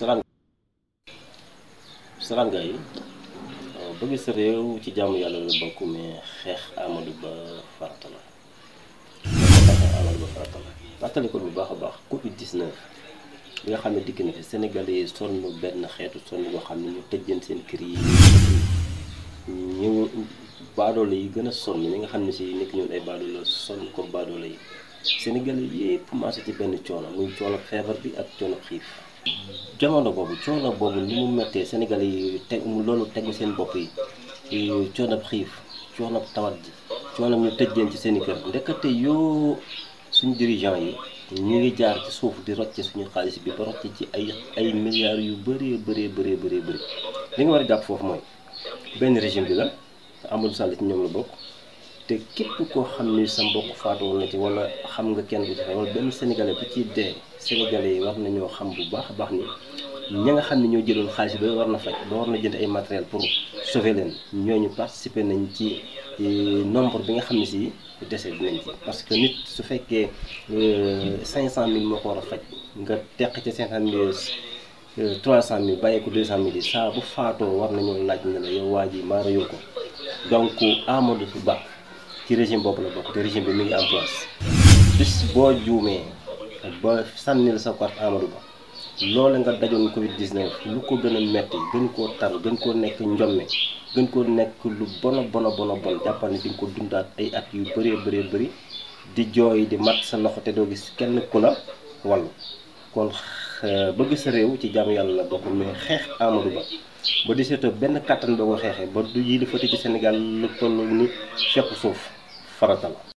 sarang saranga euh, bëgg sa réew ci jàmm yàlla la bokk xeex Amadou Ba farata la Amadou Ba bu baax a baax Covid 19 bi nga xam ne dikk na fi Sénégalais yi sonn benn xeetu sonn boo xam ne ñu tëjjeen seen kër yi ñu baadoole yi gën a sonn ñi nga xam ne si nekk ñoon ay baadoole sonn ko baadoole yi Sénégalais yépp marché ci benn coono muy coono feebar bi ak coono xiif jamono boobu coono boobu ni mu méttee Sénégalais yi teg loolu tegu seen bopp yi coono xiif coono tawat ji coono ñu tëj leen ci seen i kër ndekete yoo suñu dirigeant yi ñu ngi jaar ci suuf di rocce suñu xaalis bi ba rocce ci ay ay milliards yu bëree bëree bëree bëree bëri li nga war a jàpp foofu mooy benn régime bi la Amadou Sall ci ñoom la bokk te képp koo xam ni sa mbokk faatu woon na ci wala xam nga kenn bu ci fa wala benn sénégalais bu ci dee sénégalais yi na nañoo xam bu baax a baax ni ñi nga xam ne ñoo jëloon xaalis ba war na faj ba war na jënd ay matériel pour sauver leen ñooñu participer nañ ci e, nombre bi nga xam ne si décès dinañ ci parce que nit su fekkee 500000 e, moo ko war a faj nga teq ci 500000 300000 bàyyi ko 200000 yi saa bu faatoo war na nañoo laaj ne la yow waa ji maa rëyoo ko Amadou Ba. ci régime boobu la bokk te régime bi mi ngi en bis boo juumee ba sànnil sa carte Amadou Ba loolu nga dajoon Covid 19 lu ko gën metti gën koo tar gën koo nekk njomme gën koo nekk lu bona bona bona bon jàppal ne di ko dundaat ay at yu bëree bëree bëri di jooy di mat sa loxo te doo gis kenn ku la wallu kon euh, bëgg sa réew ci jàmm yàlla la bokk mais xeex Amadou Ba ba di seetoo benn kàttan boo ko xeexee ba du yilifati ci Sénégal lu toll ni fekk suuf farata la